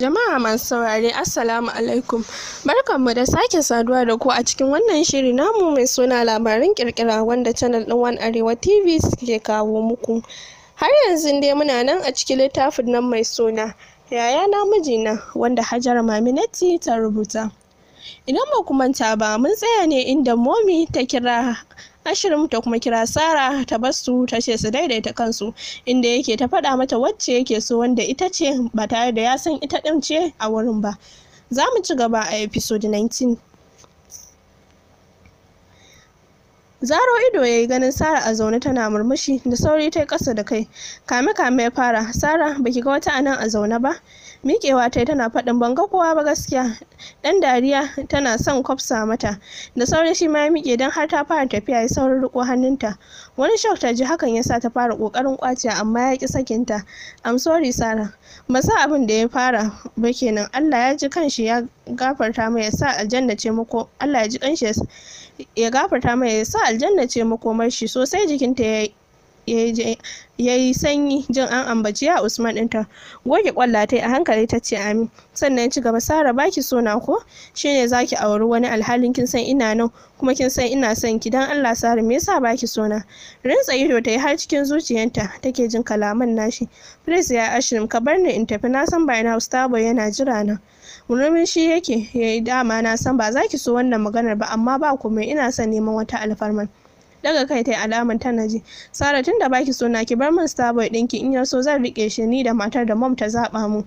Jama'a masu saurare Assalamu alaikum mu da sake saduwa da ku a cikin wannan shiri namu mai suna labaran kirkira wanda channel ɗin One Arewa TV suke kawo muku har yanzu dai muna nan a cikin littafin nan mai suna yaya na mijina wanda Hajara Maminati ta rubuta idan ba ku manta ba mun tsaya ne inda momi ta kira ashirin ta kuma kira sara ta basu ta ce su daidaita kansu inda yake ta faɗa mata wacce yake so wanda ita ce ba tare da ya san ita ɗin ce a wurin ba za mu ci gaba a episode 19 zaro ido ya yi ganin sara a zaune tana murmushi da sauri ta yi ƙasa da kai kame kame ya fara sara baki ga wata anan a zaune ba miƙewa ta tana faɗin ban ga kowa ba gaskiya ɗan dariya tana son kwafsa mata da sauri shi ma ya miƙe don har ta fara tafiya ya saurin riko hannunta wani shock ta ji hakan ya sa ta fara ƙoƙarin kwaciya amma ya ƙi sakinta am sorry sara ba sa abin da ya fara ba kenan allah ya ji kanshi ya gafarta mai ya sa aljanna ce mako allah ya ji kanshi ya gafarta mai ya sa aljanna ce makomar shi sosai jikinta ya yi. ya yi sanyi jin an ambaci ya usman ɗinta goge kwallata a hankali ta ce amin sannan ci gaba sara baki sona ko shine zaki auri wani alhalin kin san ina nan kuma kin san ina son ki dan Allah sara me yasa baki sona rintsa ido ta yi har cikin zuciyarta take jin kalaman nashi please ya ashirin ka bar ni in tafi na san ina usta starboy yana jira na murmurin shi yake yayi dama na san ba za so wannan maganar ba amma ba komai ina son neman wata alfarman daga kai ta yi alamar tana ji sara tunda baki suna ki bar min starboy dinki in yaso zan rike shi ni da matar da mom ta zaɓa mun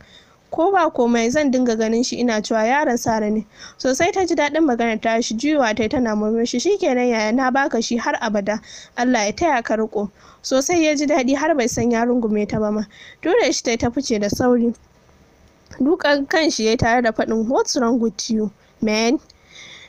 ko ba komai zan dinga ganin shi ina cewa yaron sara ne sosai ta ji daɗin maganar ta shi jiwa ta tana murmushi shikenan yaya na baka shi har abada Allah ya taya ka riko sosai ya ji daɗi har bai san ya rungume ta ba ma dole shi ta fice da sauri dukan kan shi ya tare da faɗin what's wrong with you man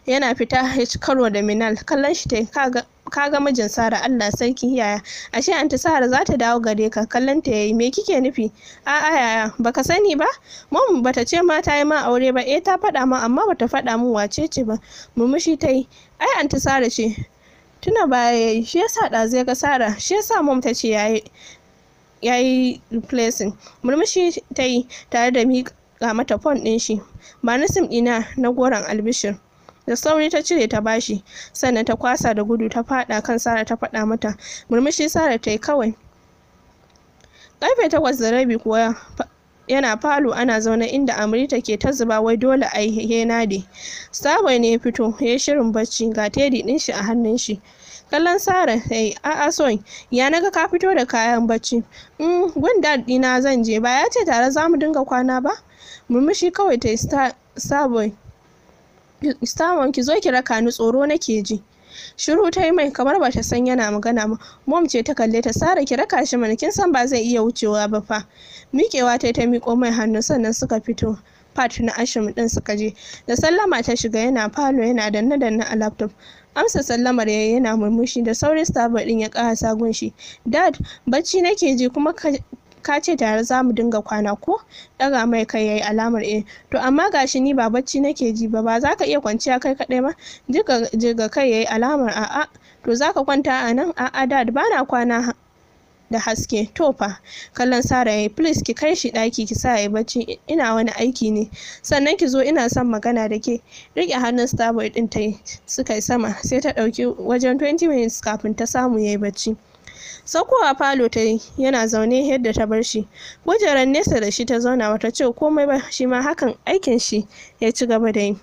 yana fita ya ci karo da minal kallon shi ta kaga ka ga mijin Sara Allah sarki yaya ashe anti Sara za ta dawo gare ka kallon ta yayi me kike nufi a'a yaya baka sani ba mom bata ce ma ta yi ma aure ba eh ta faɗa ma amma bata faɗa min wace ce ba murmushi ta yi ai anti Sara ce tuna baya yayi shi yasa zai ga Sara shi yasa mom ta ce yayi yayi replacing murmushi ta yi tare da ga mata fon ɗin shi ba na sim ɗina na goron albishir da sauri ta cire ta bashi sannan ta kwasa da gudu ta fada kan sara ta faɗa mata murmushi sara ta yi kawai karfe takwas da rabi kuwa yana falo ana zaune inda Amurita ke ta zuba wai dole a yi nade sabai ne ya fito ya yi shirin bacci ga teddy din shi a hannun shi kallon sara ya yi a son ya naga ka fito da kayan bacci mm dadi na zan je ba ya ce tare za mu dinga kwana ba murmushi kawai ta yi sabai Istawan ki zo ki raka ni tsoro nake ji. Shiru ta yi mai kamar bata san yana magana ma. Mom ce ta kalle ta Sara ki raka shi mana kin san ba zai iya wucewa ba fa. Miƙewa ta ta miƙo mai hannu sannan suka fito. Pat na Ashim din suka je. Da sallama ta shiga yana falo yana danna-danna a laptop. Amsa sallamar yayi yana murmushi da sauri Starboy din ya ƙara sagun shi. Dad, bacci nake ji kuma ka ce tare za mu dinga kwana ko ɗaga mai kai yayi alamar eh to amma gashi ni ba bacci nake ji ba ba za ka iya kwanciya kai kaɗai ba jirga kai yayi alamar a. to za ka kwanta a nan a. dad ba na kwana da haske to fa kallon sara yayi please ki kai shi ɗaki ki sa yayi bacci ina wani aiki ne sannan ki zo ina son magana da ke rike hannun starboy ɗin ta yi suka yi sama sai ta ɗauki wajen 20 minutes kafin ta samu yayi bacci saukowa falo ta yi yana zaune yadda ta bar shi kujerar nesa da shi ta zauna wata ce komai ba shi ma hakan aikin shi ya ci gaba da yi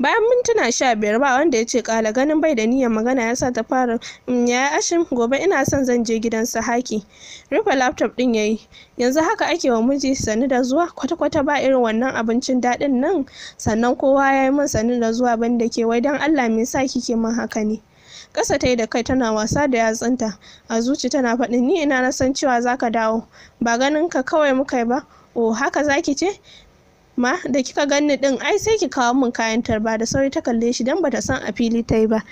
bayan mintuna sha biyar ba wanda ya ce kala ganin bai da niyan magana ya sa ta fara mm, ya ashin gobe ina son zan je gidan haki rufe laptop din yayi yanzu haka ake wa miji sani da zuwa kwata-kwata ba irin wannan abincin daɗin nan sannan kowa ya yi min sani da zuwa banda ke wai don allah me sa kike min haka ne ƙasa ta yi da kai tana wasa da yatsunta a zuci tana faɗin ni ina na san cewa zaka dawo ba ganin ka kawai muka yi ba o oh, haka zaki ce ma da kika ganni din ai sai ki kawo min kayan tarba da sauri ta kalle shi dan ta san a fili ta yi ba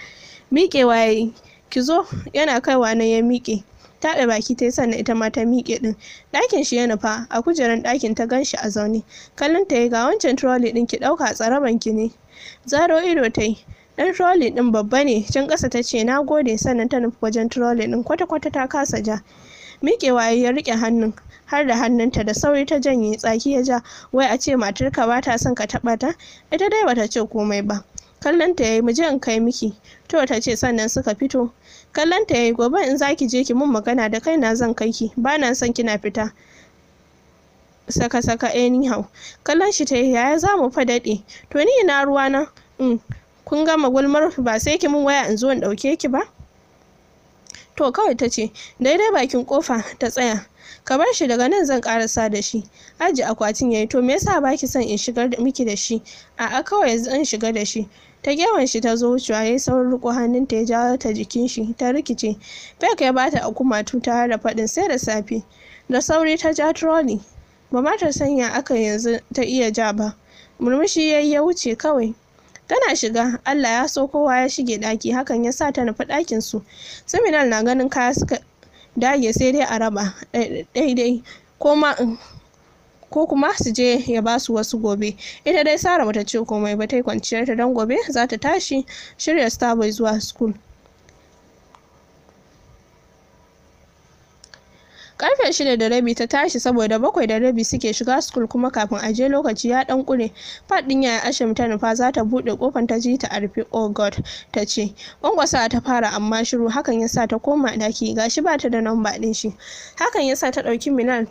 miƙewa ya ki zo yana kaiwa na ya miƙe taɓe baki ta yi sannan ita ma ta miƙe ɗin ɗakin shi yana fa. a kujerar ɗakin ta gan shi a zaune kallon ta yi ga wancan trolley ɗin ki ɗauka a tsaraban ki ne zaro ido ta yi dan trolley din babba ne can ƙasa ta ce na gode sannan ta nufi wajen trolley din kwata-kwata ta kasa ja miƙewa ya rike hannun har da hannunta da sauri ta janye tsaki ya ja wai a ce matarka ba ta son ka taɓa ta ita dai bata ce komai ba Kallon ta yayi muje in kai miki to ta ce sannan suka fito Kallon ta yayi gobe in zaki je ki mun magana da kaina zan kai ki Ba na son kina fita saka saka anyhow kallon shi ta yaya za mu fa daɗe to ni ina ruwana na?" Mm. kun gama gulmar ba sai ki mun waya in zo in ɗauke ki ba to kawai ta ce daidai bakin kofa ta tsaya ka bar shi daga nan zan karasa da shi aji akwatin yayi to me yasa baki son in shigar da miki da shi a'a kawai zan shiga da shi ta gewan shi ta zo wucewa yayi saurin riko hannunta ya jawo ta jikin shi ta rikice fek ya bata a kumatu tuta da faɗin sai da safe da sauri ta ja trolley ba ma sanya aka yanzu ta iya ja ba murmushi yayi ya wuce kawai tana shiga allah ya so kowa ya shige daki hakan ya sa ta nufi dakin su seminal na ganin kaya suka dage sai dai a raba daidai ko kuma su je ya ba su wasu gobe ita dai sara bata ce komai ba ta yi kwanciyar ta don gobe za ta tashi shirya starboy zuwa school Karfe shida da rabi ta tashi saboda bakwai da rabi suke shiga school kuma kafin a je lokaci ya dan kure. faɗin din yaya Ashim ta nufa za ta bude kofar ta ji ta arfi oh god ta ce. Kwankwasa ta fara amma shiru hakan yasa ta koma daki gashi ba ta da namba din shi. Hakan yasa ta dauki minan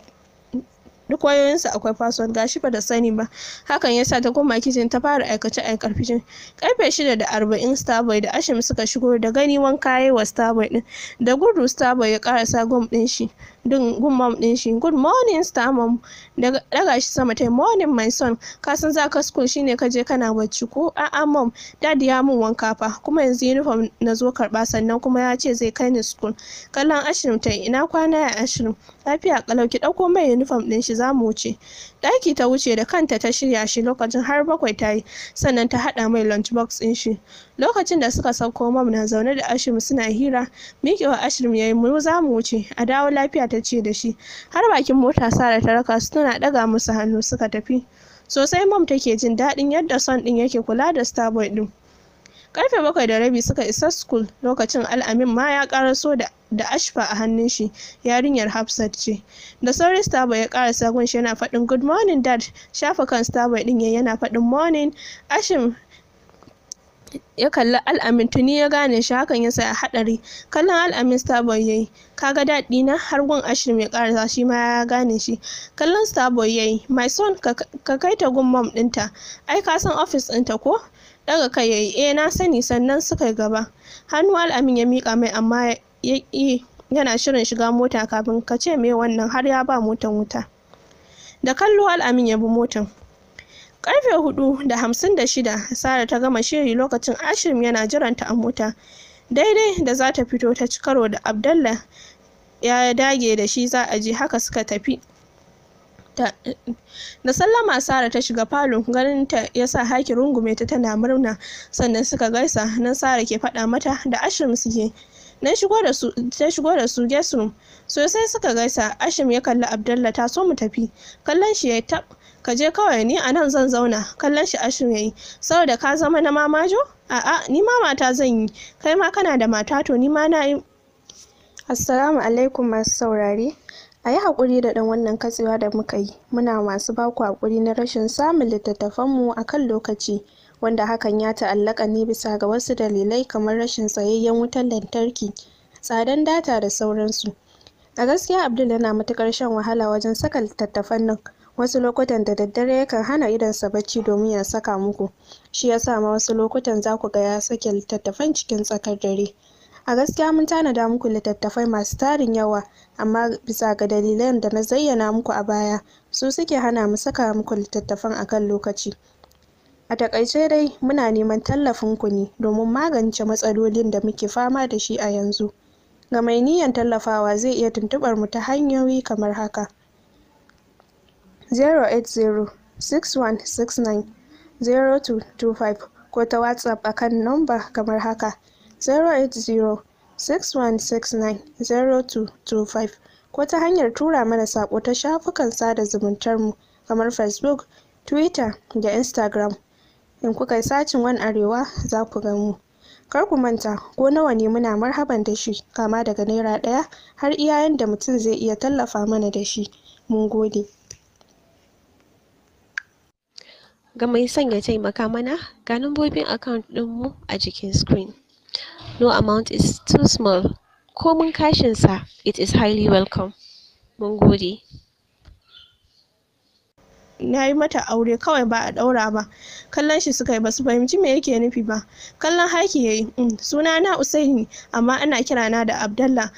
duk wayoyinsa akwai password gashi ba da sani ba hakan yasa ta koma kitchen ta fara aikace aikarficin karfe shida da arba'in starboy da ashim suka shigo da gani wanka yi wa starboy din da gudu starboy ya karasa gom din shi din mom din shi good morning star mom daga shi sama tai morning my son kasan san za ka school shine ka je kana bacci ko a'a mom dad ya mun wanka fa kuma yanzu uniform na zo karba sannan kuma ya ce zai kai ni school kallon ashirin tai ina kwana ya ashirin lafiya kalau ki dauko mai uniform din shi za mu wuce daki ta wuce da kanta ta shirya shi lokacin har bakwai ta yi sannan ta hada mai lunch box din shi lokacin da suka sauko mam na zaune da ashirin suna hira miƙewa ashirin ya yi mu za mu wuce a dawo lafiya ta ce da shi har bakin mota sara ta raka su tana ɗaga musu hannu suka tafi sosai mam take jin daɗin yadda son ɗin yake kula da starboy ɗin karfe bakwai da rabi suka isa school lokacin al'amin ma ya karaso da da ashfa a hannun shi yarinyar hafsat ce da sauri starboy ya karasa gunshi yana faɗin good morning dad shafa kan starboy din yana faɗin morning ashim ya kalli al'amin tuni ya gane shi hakan ya sa haɗari kallon al'amin starboy ya yayi kaga daɗi na har gun ashir mai ƙarasa shi ma ya gane shi kallon starboy ya yi my son ka kai ta gun mom ɗinta ai ka san ofis ɗinta ko daga kai yi eh na sani sannan suka gaba hannu al'amin ya miƙa mai amma ya yana shirin shiga mota kafin ka ce mai wannan har ya ba motan wuta da kallo al'amin ya bi motan Karfe hudu da hamsin da shida Sara ta gama shiri lokacin Ashirim yana jiranta a mota. Daidai da za ta fito ta ci karo da Abdallah ya dage da shi za a je haka suka tafi. da sallama sara ta shiga falon ganin ta ya sa haki rungume ta tana murna sannan suka gaisa nan sara ke faɗa mata da ashirin suke nan shigo da su ta shigo da su guest room sosai suka gaisa ashim ya kalli abdallah ta so mu tafi kallon shi ya tab ka je kawai ni a nan zan zauna kallon shi ashin yayi saboda ka zama na mamajo a'a ni ma mata zan yi kai ma kana da mata to ni ma na yi assalamu alaikum masu saurare a yi haƙuri da ɗan wannan katsewa da muka yi muna masu baku haƙuri na rashin samun littattafanmu a kan lokaci wanda hakan ya ta'allaka ne bisa ga wasu dalilai kamar rashin tsayayyen wutar lantarki tsadan data da sauransu a gaskiya abdul yana matuƙar shan wahala wajen saka littattafan nan wasu lokutan da daddare yakan hana idonsa bacci domin ya saka muku shi yasa ma wasu lokutan za ku ga ya sake littattafan cikin tsakar dare a gaskiya mun tanada muku littattafai masu tarin yawa amma bisa ga dalilan da na zayyana muku a baya su suke hana mu saka muku littattafan a kan lokaci a takaice dai muna neman tallafin ku ne domin magance matsalolin da muke fama da shi a yanzu ga mai niyyar tallafawa zai iya tuntuɓar mu ta hanyoyi kamar haka 08061690225 ko ta WhatsApp a kan nomba kamar haka 08061690225 ko ta hanyar tura mana saƙo ta shafukan sada zumuntar mu kamar Facebook, Twitter da Instagram. In kuka yi sacin wani arewa za ku mu. Kar ku manta ko nawa ne muna marhaban da shi kama daga naira ɗaya har iyayen da mutum zai iya tallafa mana da shi. Mun gode. ga mai son ya taimaka mana ga lambobin account ɗinmu a jikin screen no amount is too small ko mun sa, it is highly welcome mun gode na yi mata aure kawai ba a ɗaura ba kallon shi suka yi ba su fahimci me yake nufi ba kallon haki ya yi mm, suna na usaini amma ana kirana da abdallah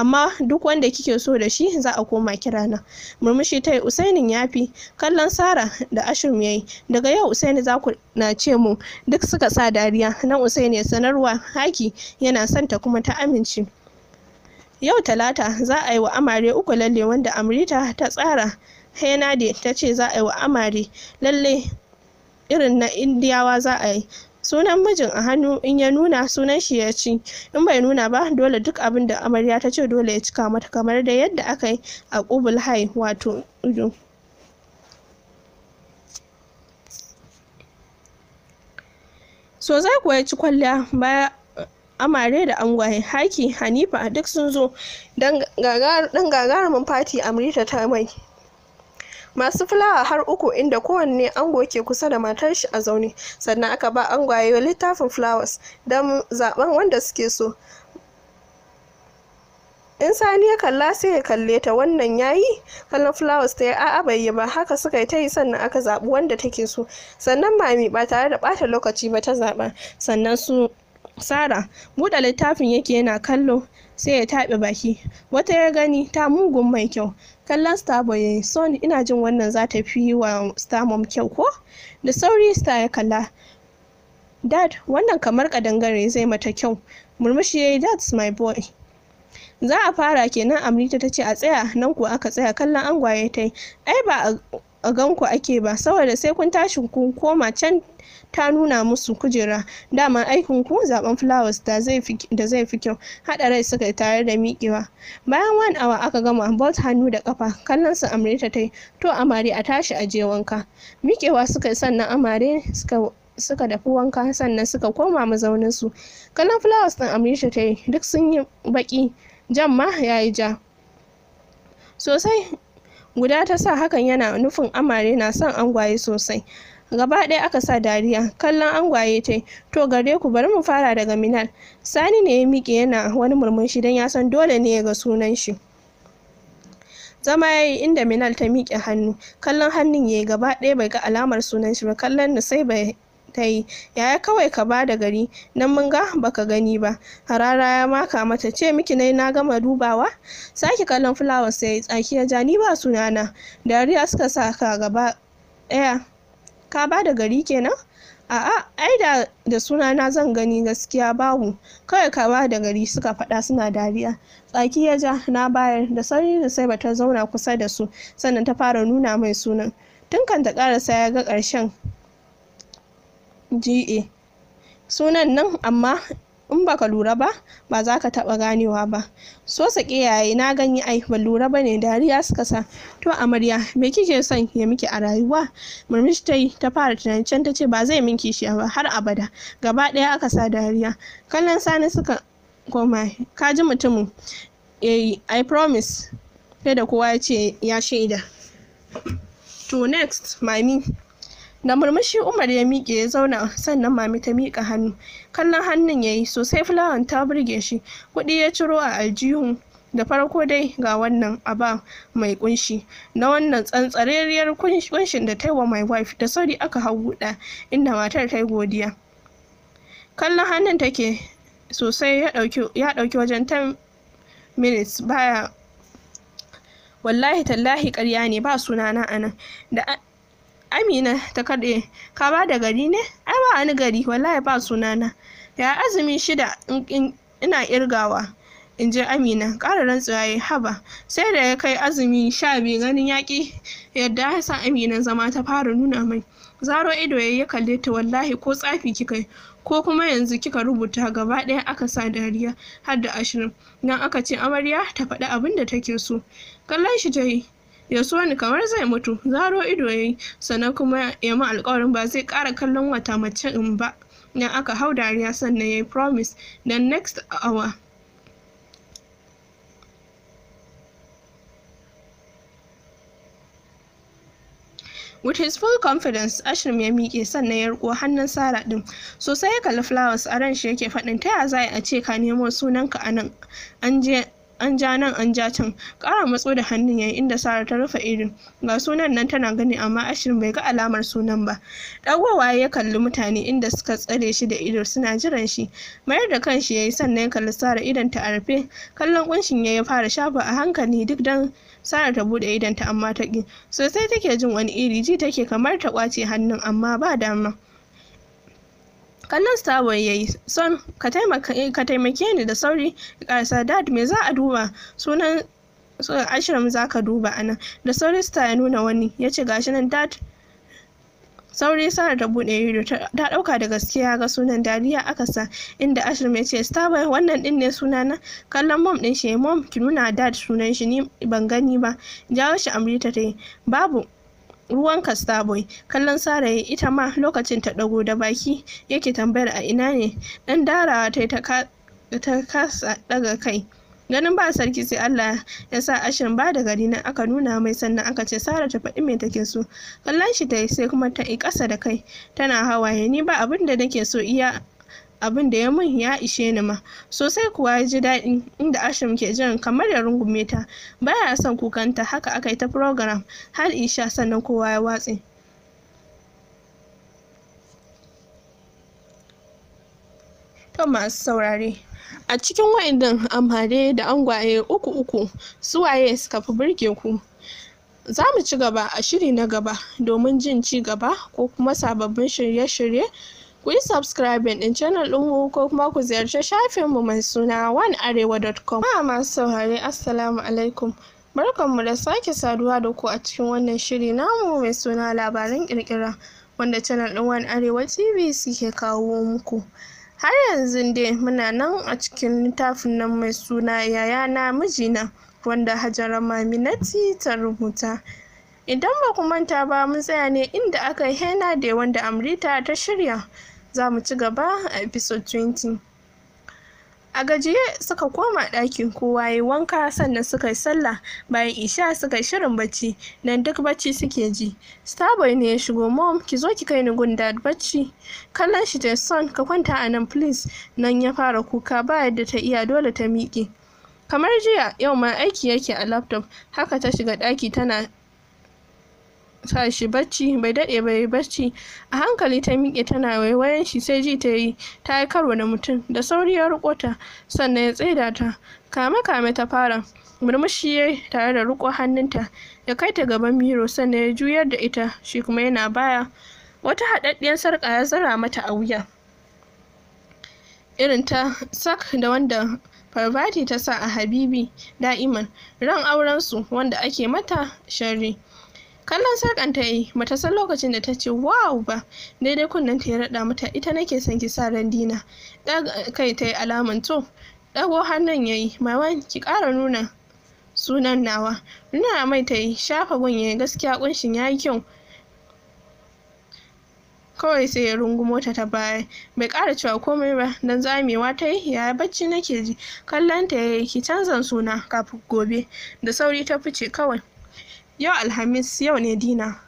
amma duk wanda kike so da shi za a koma kira kirana murmushi ta yi usainin ya fi kallon sara da ashum ya daga yau usaini za ku na ce mu duk suka sa dariya nan usaini ya sanarwa haki yana santa kuma ta amince yau talata za a yi wa amare uku lalle wanda amrita ta tsara henade ta ce za a yi wa amare lalle irin na indiyawa za a yi sunan mijin a hannu in ya nuna sunan shi ya ci in bai nuna ba dole duk abin da amarya ta ce dole ya cika mata kamar da yadda aka yi a ƙubul hai wato ido zai kuwa ya ci kwalliya baya amare da angwaye haki hanifa duk sun zo dan gagarumin fati amrita ta mai masu fulawa har uku inda kowanne ango ke kusa da matar shi a zaune sannan aka ba angwaye littafin flowers don zaben wanda suke so in sani ya kalla sai ya kalle ta wannan yayi kallon flowers ta a'a bai yi ba haka suka yi ta yi sannan aka zaɓi wanda take so sannan mami ba tare da ɓata lokaci ba ta zaɓa sannan su sara buɗe littafin yake yana kallo sai ya taɓe baki wata ya gani ta mugun mai kyau kallon starboy yayi son ina jin wannan za ta fi wa starmom kyau ko da sauri star ya kalla dad wannan kamar kadangare zai mata kyau murmushi yayi that's my boy za a fara kenan amrita ta ce a tsaya nan ku aka tsaya kallon angwaye ta yi ai ba a ganku ake ba saboda sai kun tashi kun koma can ta nuna musu kujera dama aikin ku zaben flowers da zai fi kyau haɗa rai suka yi tare da miƙewa bayan wani awa aka gama bolt hannu da kafa kallon su amrita ta yi to amare a tashi a je wanka miƙewa suka yi sannan amare suka suka dafi wanka sannan suka koma mazaunin su kallon flowers din amrita ta yi duk sun yi baki jan ma ya yi ja sosai guda ta sa hakan yana nufin amare na son angwaye sosai gaba ɗaya aka sa dariya kallon angwaye ta to gare ku bari mu fara daga minal sani ne ya miƙe yana wani murmushi don ya san dole ne ya ga sunan shi zama ya yi inda minal ta miƙe hannu kallon hannun ya yi gaba ɗaya bai ga alamar sunan shi ba kallon na sai bai ta yi yaya kawai ka ba da gari nan mun ga baka gani ba harara ya maka mata ce miki nai na gama dubawa sake kallon fulawar sai tsaki ya ja ni ba sunana dariya suka sa ka gaba ɗaya ka ba da gari kenan a'a ai da da suna na zan gani gaskiya babu kawai ka ba da gari suka faɗa suna dariya tsaki ya ja na bayar da sauri da sai bata zauna kusa da su sannan ta fara nuna mai sunan tun kan ta karasa ya ga karshen ga sunan nan amma in baka lura ba ba za ka taɓa ganewa ba so sake yaye na ganye ai ban lura ba ne dariya suka sa to amarya me kike son ya miki a rayuwa murmushi ta yi ta fara tunanin can ta ce ba zai min kishiya ba har abada gaba ɗaya aka sa dariya kallon sani suka koma ka ji mutumin eh, i promise sai da kowa ya ce ya shaida to next mami da murmushi umar ya miƙe ya zauna sannan mami ta miƙa hannu kallon hannun ya yi sosai fulawan ta burge shi kuɗi ya ciro a aljihu da farko dai ga wannan aba mai kunshi na wannan tsantsareriyar kunshin da wa my wife da sauri aka hau buɗa inda matar ta yi godiya kallon hannun take sosai ya ɗauki wajen 10 minutes baya wallahi tallahi karya ne ba sunana anan Amina ta kaɗe ka ba da gari ne ai ba wani gari wallahi ba sunana ya azumi shida ina irgawa in je amina ƙara rantsuwa ya haba sai da ya kai azumi sha biyu ganin yaƙi yadda ya sa amina zama ta fara nuna mai zaro ido ya yi kalle ta wallahi ko tsafi kika ko kuma yanzu kika rubuta gaba ɗaya aka sa dariya har da ashirin nan aka ce amarya ta faɗi abin da take so kallon shi ta yi ya so ni kamar zai mutu zaro ido ya yi sannan kuma ya ma alkawarin ba zai kara kallon wata mace in ba ya aka hau dariya sannan ya yi promise dan next hour With his full confidence, Ashrim ya miƙe sannan ya riko hannun Sara ɗin. Sosai ya kalli flowers a ran shi yake faɗin ta ya za a ce ka nemo sunanka a nan. An je an ja nan an ja can ƙara matso da hannun yayi inda sara ta rufe irin ga sunan nan tana gani amma ashirin bai ga alamar sunan ba dagowa ya kalli mutane inda suka tsare shi da ido suna jiran shi mayar da kanshi yayi sannan ya kalli sara idan ta arfe kallon kunshin ya fara shafa a hankali duk dan sara ta bude idanta amma ta ki sosai take jin wani iri ji take kamar ta kwace hannun amma ba dama kallon starboy ya yi son eh, ka taimake ni da sauri ƙasa dad me za a duba sunan ashiram za ka duba anan da sauri star ya nuna wani ya ce gashi nan dad sauri sara ta bude ido ta ɗauka da gaskiya ga sunan dariya aka sa inda ashirin ya ce starboy wannan din ne suna na kallon mom din shi mom ki nuna dad sunan shi ni ban gani ba jawo shi amrita ta yi babu ruwan starboy kallon sarai ita ma lokacin ta ɗago da baki yake tambayar a ina ne ɗan darawa ta ta kasa daga kai ganin ba sarki sai Allah ya sa ashirin ba da gari nan aka nuna mai sannan aka ce Sara ta faɗi mai take so kallon shi ta sai kuma ta yi ƙasa da kai tana hawaye ni ba abin da nake so iya abin da ya mun ya ishe ni ma sosai kuwa ya ji daɗi inda ashim ke jiran kamar ya rungume ta baya son kukanta haka aka yi ta program har isha sannan kowa ya watse to masu saurare a cikin wa'annan amare da angwaye uku uku waye suka fi burge ku za mu ci gaba a shiri na gaba domin jin ci gaba ko kuma sababbin shirye-shirye ku yi subscribing din channel ɗinmu ko kuma ku ziyarci shafinmu mai suna onearewa.com. Ma masu saurare assalamu alaikum. Barkanmu da sake saduwa da ku a cikin wannan shiri namu mai suna labaran ƙirƙira wanda channel ɗin One Arewa TV suke kawo muku. Har yanzu dai muna nan a cikin littafin nan mai suna yaya na mijina wanda Hajara Maminati ta rubuta. Idan ba ku manta ba mun tsaya ne inda aka yi Hena da wanda Amrita ta shirya. za mu ci gaba a episode 20 a gajiye suka koma ɗakin kowa ya wanka sannan suka yi sallah bayan isha suka yi shirin bacci nan duk bacci suke ji starboy ne ya shigo mom ki zo ki kai ni gunda bacci kallon shi ta son ka kwanta a nan please nan ya fara kuka ba yadda ta iya dole ta miƙe kamar jiya yau ma aiki yake a laptop haka ta shiga ɗaki tana sa shi bacci bai daɗe bai yi bacci a hankali ta miƙe tana waiwayen shi sai ji ta yi ta yi karo da mutum da sauri ya riko ta sannan ya tsaida ta kame kame ta fara murmushi ya tare da riko hannunta ya kai ta gaban miro sannan ya juyar da ita shi kuma yana baya wata haɗaɗɗiyar sarƙa ya zara mata a wuya irin ta sak da wanda farvati ta sa a habibi da'iman ran aurensu wanda ake mata sharri kallon sarkan ta yi bata san lokacin da ta ce wow ba daidai kunnen ta ya raɗa mata ita nake son ki sa ran dina kai ta yi alaman to ɗago hannun ya yi ki ƙara nuna sunan nawa nuna mai ta yi shafa gun ya gaskiya kunshin ya yi kyau kawai sai ya rungumo ta ta baya bai kara cewa komai ba don zamewa ta yi ya bacci nake ji kallon ta yayi ki canza suna kafin gobe da sauri ta fice kawai yau alhamis yau ne dina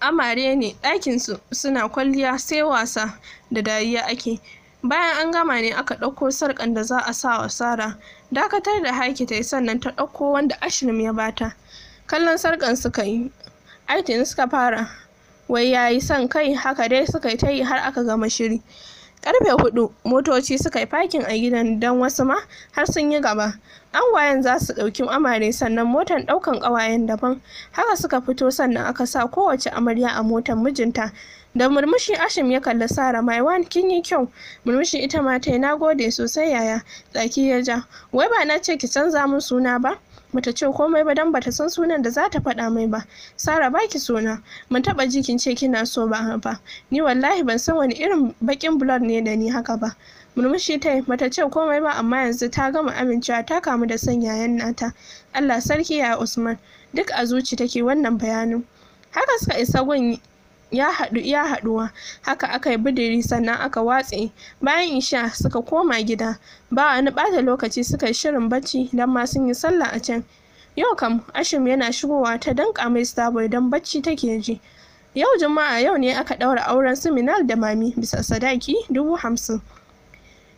amare ne ɗakinsu suna kwalliya sai wasa da dariya ake bayan an gama ne aka ɗauko sarƙan da za a sa wa sara dakatar da haiki ta yi sannan ta ɗauko wanda ashirin ya bata kallon sarƙan suka yi aitin suka fara wai ya yi son kai haka dai suka yi ta yi har aka gama shiri Karfe hudu motoci suka yi fakin a gidan don wasu ma har sun yi gaba. Angwayen za su ɗauki amare sannan motar ɗaukan ƙawayen daban. Haka suka fito sannan aka sa kowace amarya a motar mijinta. Da murmushi Ashim ya kalli Sara wan kin yi kyau. Murmushi ita ma ta yi nagode sosai yaya. Tsaki ya ja. Wai ba na ce ki canza min suna ba? bata ce komai ba dan bata san sunan da za ta faɗa mai ba sara baki suna mun taɓa jikin ce kina so ba ba ni wallahi ban san wani irin bakin blood ne da ni haka ba murmushi ta yi bata ce komai ba amma yanzu ta gama amincewa ta kamu da son yayan nata allah sarki ya usman duk a zuci take wannan bayanin haka suka isa gun ya haɗu iya haɗuwa haka aka yi bidiri sannan aka watse bayan isha suka koma gida ba wani ɓata lokaci suka yi shirin bacci don ma sun yi sallah a can yau kam ashim yana shigowa ta danƙa mai starboy don bacci take ji yau juma'a yau ne aka ɗaura auren siminal da mami bisa sadaki dubu hamsin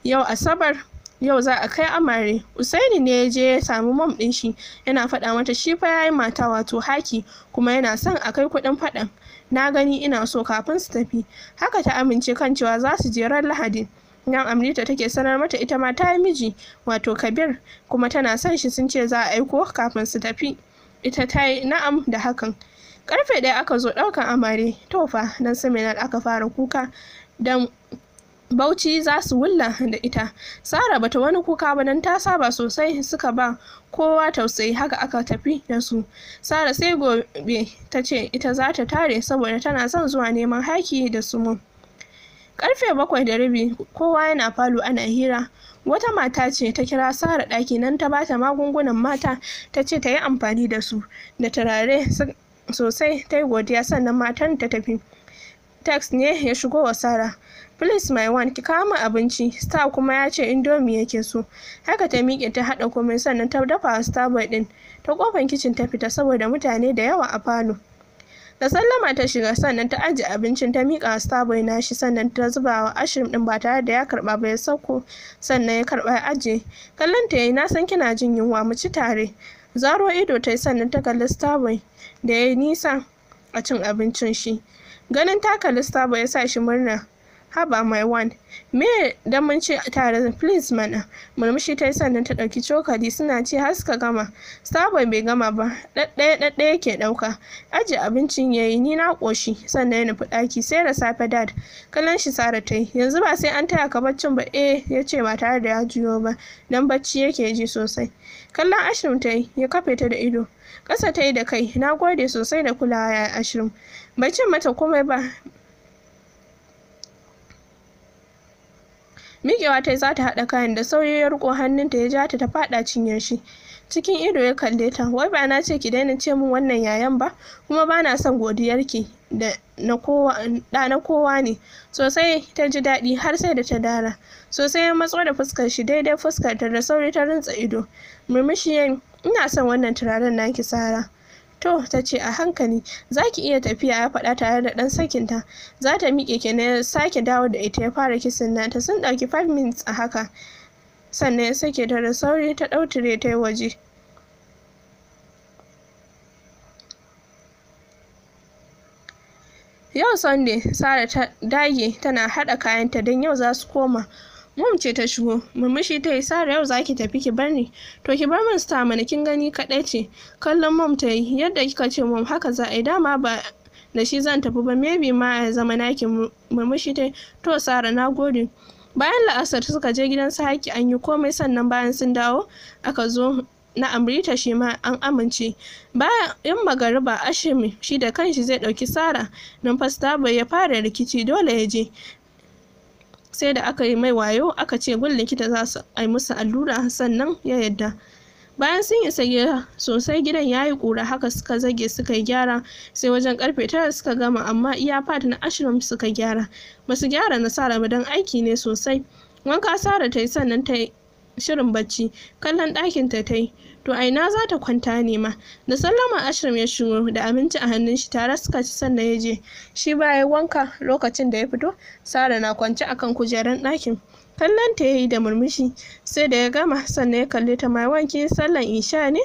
yau asabar yau za a kai amare usaini ne ya je ya samu mom ɗin shi yana faɗa mata shi fa yi mata wato haki kuma yana son a kai kuɗin faɗan na gani ina so kafin su tafi haka ta amince kan cewa za su je ran lahadin nan amrita take sanar mata ita ma ta yi miji wato kabir kuma tana son shi sun ce za a aiko kafin su tafi ita ta yi na'am da hakan karfe ɗaya aka zo ɗaukan amare tofa don seminar aka fara kuka don Bauchi za su wulla da ita. Sara bata wani kuka ba don ta saba sosai suka ba kowa tausayi haka aka tafi da su. Sara sai gobe ta ce ita za ta tare saboda tana son zuwa neman haki da su mun. Karfe bakwai da rabi kowa yana falo ana hira. Wata mata ce ta kira Sara ɗaki nan ta bata magungunan mata ta ce ta yi amfani da su da turare sosai ta yi godiya sannan matan ta tafi. Text ne ya shigo wa Sara. please my one ki kama abinci star kuma ya ce indomie yake so haka ta miƙe ta haɗa komai sannan ta dafa starboy ɗin ta kofan kicin ta fita saboda mutane da yawa a falo da sallama ta shiga sannan ta ajiye abincin ta miƙa a starboy nashi sannan ta zuba wa ashirin ɗin ba tare da ya karɓa ba ya sauko sannan ya karɓa ya ajiye kallon ta yayi na san kina jin yunwa mu ci tare zaro ido ta yi sannan ta kalli starboy da ya yi nisa a cin abincin shi ganin ta kalli starboy ya sa shi murna haba my one me da mun ce tare please mana murmushi ta yi sannan ta ɗauki cokali suna ce har gama sabon bai gama ba ɗaɗɗaya ɗaɗɗaya yake ɗauka aji abincin yayi ni na ƙoshi sannan ya nufi ɗaki sai da safe dad kallon shi sara ta yi yanzu ba sai an taya ka baccin ba eh ya ce ba tare da ya juyo ba dan bacci yake ji sosai kallon ashirin ta yi ya kafe ta da ido ƙasa ta da kai na gode sosai da kulawa ya ashirin bai mata komai ba mikewa ta za ta haɗa kayan da sauri ya riko hannunta ya ja ta ta faɗa cinyar shi cikin ido ya kalle ta wai ba na ce ki daina ce min wannan yayan ba kuma ba na son godiyarki da na kowa da na kowa ne sosai ta ji daɗi har sai da ta dara sosai ya matso da fuskar shi daidai fuskar ta da sauri ta rintsa ido murmushi ina son wannan turaren naki sara to ta ce a hankali za ki iya tafiya ya faɗa tare da ɗan sakinta za ta miƙe ke na sake dawo da ita ya fara kisin nata sun ɗauki 5 minutes a haka sannan ya sake ta da sauri ta ɗautire ta waje yau sunday sara ta dage tana haɗa kayanta don yau za su koma Mom ce ta shigo, murmushi ta yi Sara yau zaki tafi ki bar ni. To ki bar min sta mana kin gani kadai ce. Kallon mom ta yi, yadda kika ce mom haka za a yi dama ba da shi zan tafi ba maybe ma a zama naki murmushi ta to Sara na gode. Bayan la'asar suka je gidan su haki an yi komai sannan bayan sun dawo aka zo na amrita shi ma an amince bayan yan magariba ashimi shi da kanshi zai dauki sara numfas bai ya fara rikici dole ya je sai da aka yi mai wayo aka ce gun likita za su ai musu allura sannan ya yadda bayan sun isa gida sosai gidan ya yi kura haka suka zage suka yi gyara sai wajen karfe tara suka gama amma iya fat na ashirin suka gyara ba su gyara nasara ba don aiki ne sosai wanka sara ta yi sannan ta yi shirin bacci kallon ɗakin ta ta yi to a ina za ta kwanta ne ma da sallama ashirin ya shigo da abinci a hannun shi tare suka ci sannan ya je shi ba ya wanka lokacin da ya fito sara na kwance kan kujeran ɗakin kallon ta yayi da murmushi sai da ya gama sannan ya kalli ta mai wanki sallan isha ne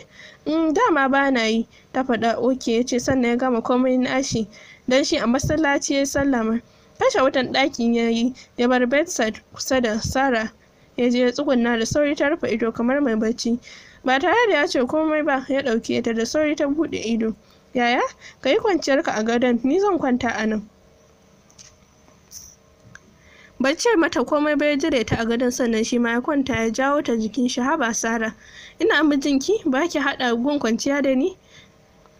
in mm, dama ba na yi ta faɗa oke ya ce sannan ya gama komai nashi dan shi a masallaci ya sallama kashe wutan ɗakin ya yi ya bar bedside kusa da sara ya je ya tsugunna da sauri ta rufe ido kamar mai bacci ba tare da ya ce komai ba ya ɗauke ta da sauri ta buɗe ido yaya ka yi kwanciyarka a gadon ni zan kwanta a nan bacci mata komai bai jire ta a gadon sannan shi ma ya kwanta ya jawo ta jikin shi haba sara ina mijinki ba ki haɗa gun kwanciya da ni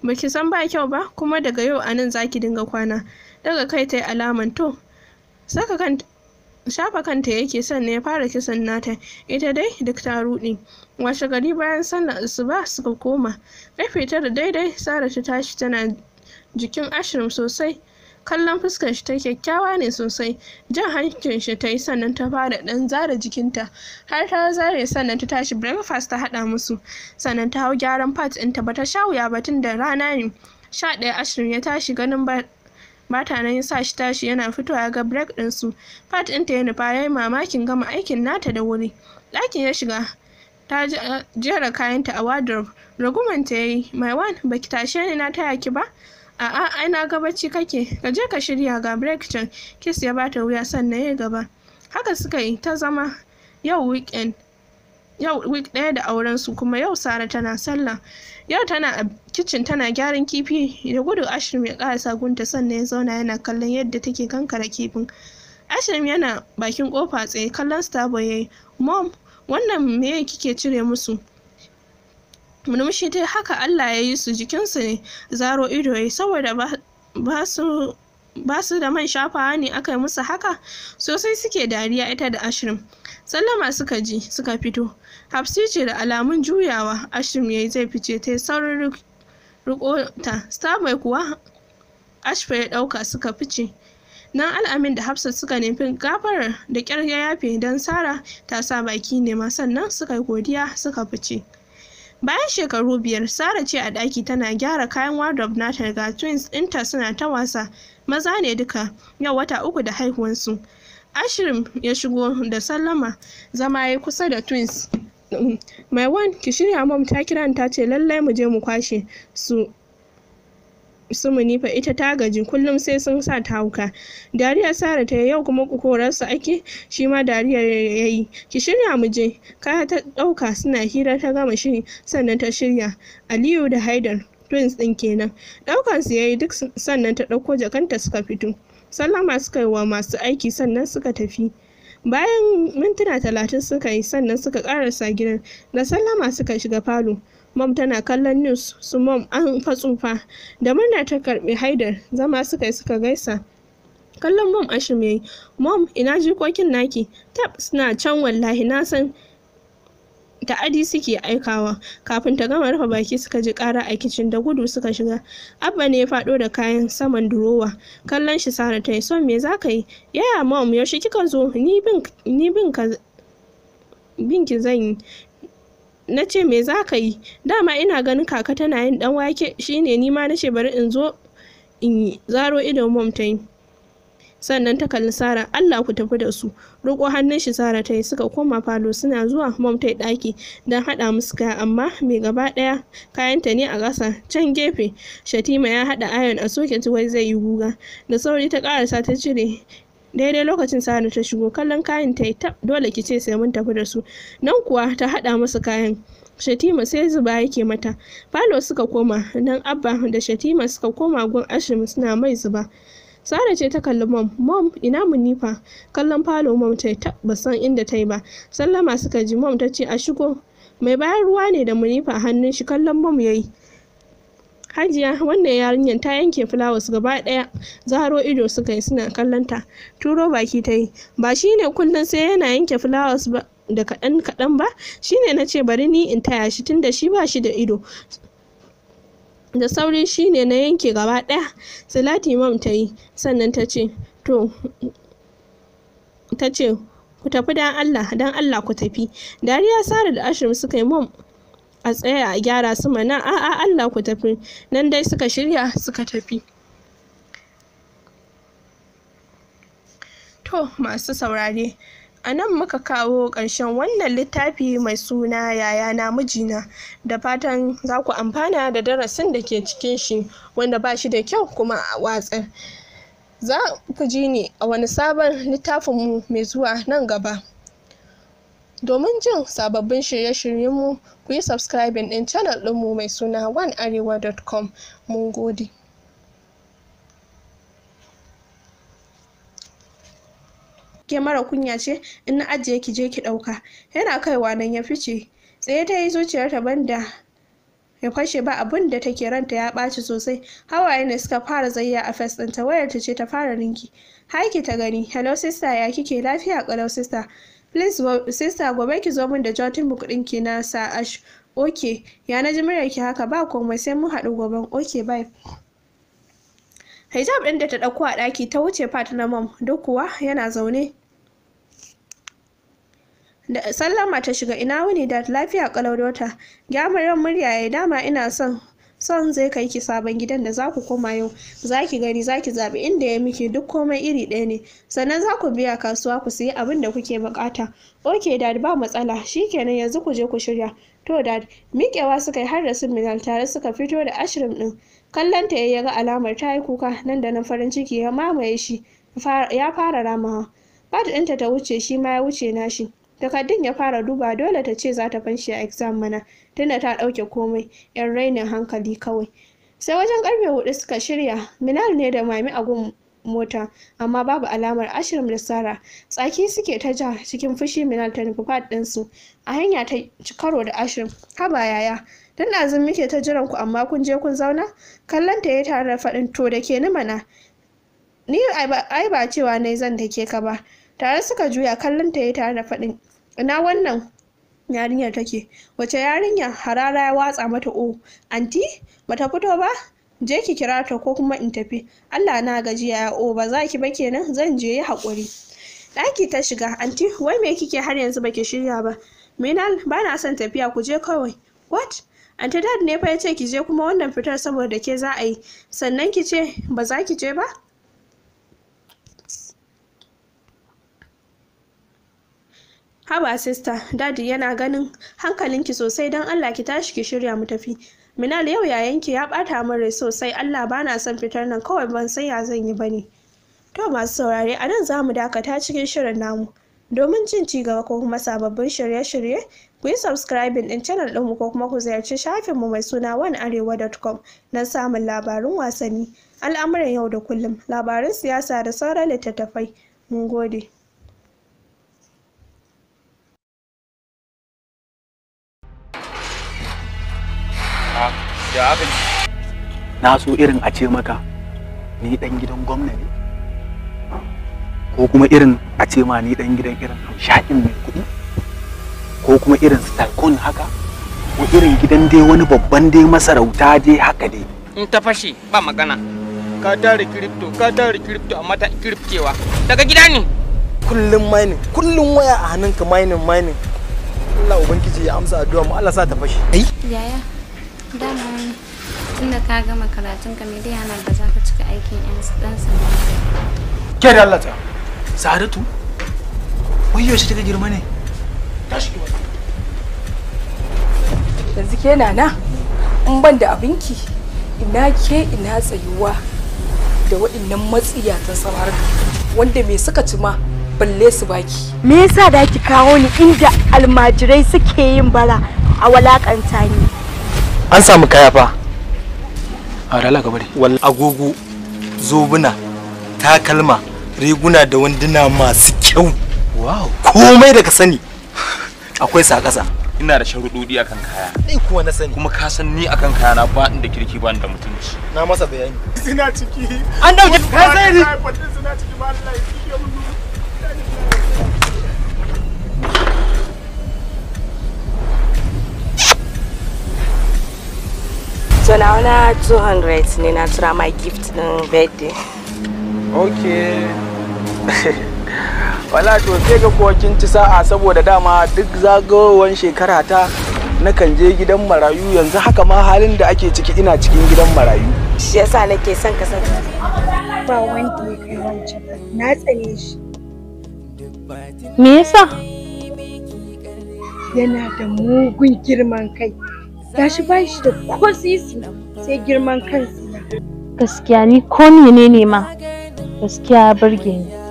ba ki san ba kyau ba kuma daga yau a nan za ki dinga kwana daga kai ta yi alaman to saka kanta. shafa kanta yake ne ya fara kisan nata ita dai duk ta rudi washe gari bayan sannan su ba suka koma karfe da daidai sara ta tashi tana jikin ashirin sosai kallon fuskar shi ta kyakkyawa ne sosai jan hankin shi ta yi sannan ta fara dan zara jikinta har ta zare sannan ta tashi breakfast ta hada musu sannan ta hau gyaran pat ɗinta ba ta sha wuya ba tun da rana ne sha ɗaya ashirin ya tashi ganin ba. bata nan yi sa shi tashi yana fitowa ya ga break din su fat din ta ya nufa yi mamakin gama aikin nata da wuri ɗakin ya shiga ta uh, jera kayanta a wardrobe raguman ta yayi my one baki tashi ne na taya ki ba a'a ai na ga bacci kake ka je ka shirya ga break can kiss ya bata wuya sannan ya gaba haka suka yi ta zama yau weekend yau week ɗaya da auren su kuma yau sara tana sallah yau tana kicin tana gyaran kifi da gudu ashirin ya kara sagunta sannan ya zauna yana kallon yadda take kankara kifin ashirin yana bakin kofa tsaye kallon starboy yayi mom wannan meye kike cire musu murmushi ta haka allah ya yi su jikinsu ne zaro ido saboda ba su ba su da man shafawa ne aka yi musu haka sosai suke dariya ita da ashirin sallama suka ji suka fito hafsi ce da alamun juyawa ashirin yayi zai fice ta saurin riko ta starboy kuwa ashfa ya dauka suka fice nan al'amin da hafsat suka nemi gafarar da ƙyar ya yafe don sara ta sa baki nema sannan suka yi godiya suka fice bayan shekaru biyar sara ce a daki tana gyara kayan wardrobe nata ga twins inta suna ta wasa maza ne duka yau wata uku da haihuwansu ashirin ya shigo da sallama zama ya kusa da twins mai wan ki shirya mom ta kira ta ce lallai mu je mu kwashe su su munifa ita ta gaji kullum sai sun sa ta hauka dariya sara ta yau kuma korarsa ake shi ma dariya ya yi ki shirya mu je kaya ta ɗauka suna hira ta gama shiri sannan ta shirya aliyu da haidar twins ɗin kenan ɗaukansu su yayi duk sannan ta ɗauko jakanta suka fito sallama suka yi wa masu aiki sannan suka tafi bayan mintuna talatin suka yi sannan suka karasa gidan da sallama suka shiga falo mom tana kallon news su mom an fatsufa da murna ta karbi haidar zama suka yi suka gaisa kallon mom ashim mom ina jikokin naki tab suna can wallahi na san da adi suke aikawa kafin ta gama rufe baki suka ji kara a kicin da gudu suka shiga abba ne ya fado da kayan saman durowa kallon shi sara ta yi son me za ka yi yaya mom yaushe kika zo ni bin ka bin zan yi na ce me za ka yi dama ina ganin kaka tana yin dan wake shine ni ma na ce bari in zo in yi zaro idon mom ta yi sannan ta kalli sara allah ku tafi da su roƙo hannun shi sara ta yi suka koma falo suna zuwa mom ta ɗaki don haɗa musu kaya amma mai gaba ɗaya kayanta ne a ƙasa can gefe shatima ya haɗa ayon a soketi wai zai yi guga da sauri ta ƙarasa ta cire daidai lokacin sara ta shigo kallon kayan ta yi dole ki ce sai mun tafi da su nan kuwa ta haɗa musu kayan Shatima sai zuba yake mata. Falo suka koma, don Abba da Shatima suka koma gun ashirin suna mai zuba. Sara ce ta kalli mom, mom ina munifa, kallon falo mom ta yi san inda ta yi ba, sallama suka ji mom ta ce a shigo, mai bayan ruwa ne da munifa hannun shi kallon mom ya yi. Hajiya wannan yarinyar ta yanke fulawas gaba ɗaya zaro ido suka yi suna kallon ta turo baki ta yi ba shi ne kullum sai yana yanke fulawas da kaɗan kaɗan ba shine na ce bari ni in taya shi tunda shi ba shi da ido da sauri shine na yanke gaba ɗaya salati mam ta yi sannan ta ce to ta ce ku tafi dan allah dan allah ku tafi dariya sara da ashirin suka yi mam a tsaya a gyara su mana a'a allah ku tafi nan dai suka shirya suka tafi to masu saurare A nan muka kawo ƙarshen wannan littafi mai suna yayana mijina da fatan za ku amfana da darasin da ke cikin shi wanda ba shi da kyau kuma a watsar. Za ku ji ni a wani sabon littafinmu mai zuwa nan gaba. Domin jin sababbin shirye-shiryenmu ku yi subscribing ɗin channel ɗinmu mai suna onearewa.com. Mun gode. ke mara kunya ce in na ajiye ki je ki ɗauka yana kaiwa nan ya fice tsaye ta yi zuciyarta banda ya fashe ba abin da take ranta ya ɓaci sosai hawaye ne suka fara zayya a fes ɗinta wayar ta ce ta fara ninki. haiki ta gani hello sister ya kike lafiya ƙalau sister please sister gobe ki zo min da jotin book ɗinki na sa ash ok ya na ji muryarki haka ba komai sai mun haɗu goben ok bye hijab ɗin da ta ɗauko a ɗaki ta wuce fat na mam duk kuwa yana zaune da sallama ta shiga ina wuni da lafiya kalau dota gyamaran murya ya dama ina son son zai kai ki sabon gidan da za ku koma yau za ki gani za ki zaɓi inda ya miki duk komai iri ɗaya ne sannan za ku biya kasuwa ku sayi abin da kuke bukata ok dad ba matsala shi kenan yanzu ku je ku shirya to dad miƙewa suka yi har da sun tare suka fito da ashirin ɗin kallon ta ya ga alamar ta yi kuka nan da nan farin ciki ya mamaye shi ya fara ramawa fat ɗinta ta wuce shi ma ya wuce nashi takardun ya fara duba dole ta ce za ta fanshi a exam mana tunda ta ɗauke komai yan rainin hankali kawai sai wajen karfe hudu suka shirya minal ne da mami a gun mota amma babu alamar ashirin da sara tsaki suke ta ja cikin fushi minal ta nufi fat ɗinsu a hanya ta karo da ashirin haba yaya tun ɗazun muke ta jiran ku amma kun je kun zauna kallon ta yi tare da faɗin to da ke ni mana ni ai ba cewa na zan take ka ba tare suka juya kallon ta yi tare da faɗin ina wannan yarinyar take wace yarinya harara ya watsa mata o oh, anti bata fito ba je ki kira ta ko kuma in tafi allah na gajiya ya oh, o ba za ki ba kenan zan je yi haƙuri ɗaki ta shiga anti wai me kike har yanzu baki shirya ba minal ba na son tafiya ku je kawai what anti dad ne fa ya ce ki je kuma wannan fitar saboda ke za a yi sannan ki ce ba za ki je ba haba sista dadi yana ganin hankalinki sosai don allah ki tashi ki shirya mu tafi minal yau yayanki ya bata min rai sosai allah ba na son fitar nan kawai ban san ya zan yi bane to masu saurare a nan za mu dakata cikin shirin namu domin jin ci gaba ko kuma sababbin shirye-shirye ku yi subscribing din channel ɗinmu ko kuma ku ziyarci shafinmu mai suna onearewa.com na samun labarin wasanni al'amuran yau da kullum labarin siyasa da sauran littattafai mun gode na so irin a ce maka ni dan gidan gwamna ko kuma irin a ce ma ni dan gidan irin hamshakin mai kuɗi ko kuma irin stalkon haka ko irin gidan dai wani babban dai masarauta dai haka dai in ta fashe ba magana ka tare crypto ka tare crypto amma ta kiriftewa daga gida ne kullum mining kullum waya a hannunka mining mining Allah ubangiji ya amsa addu'a mu Allah sa ta fashe ai yaya dama tunda ka gama karatun ka me dai yana ba za ka cika aikin yan dan sanda ke da Allah ta Saratu wai shi kika girma ne tashi yanzu ke nana in ban da abinki ina ke ina tsayuwa da waɗannan matsiyatan samarka wanda me suka ci ma balle su baki me yasa da ki kawo ni inda almajirai suke yin bara a walakanta ni an samu kaya fa a rala ka bari agogo zobuna takalma riguna da wanduna masu kyau wow komai da ka sani akwai sa ƙasa ina da sharuɗoɗi akan kaya ni kuwa na sani kuma ka san ni akan kaya na ba inda kirki ba inda mutunci na masa bayani suna ciki an dauke ka sai ni suna ciki ba na 200 ne na tura my gift din birthday. Okay. wala to sai ga kokin ci sa'a saboda dama duk zagawowar shekara ta kan je gidan marayu yanzu haka ma halin da ake ciki ina cikin gidan marayu shi yasa nake son ka san ba wanda ya kai wancan na tsane shi me yasa yana da mugun girman kai shi ba shi da ko sisi sai girman kansa gaskiya ni ko menene ma gaskiya burge ni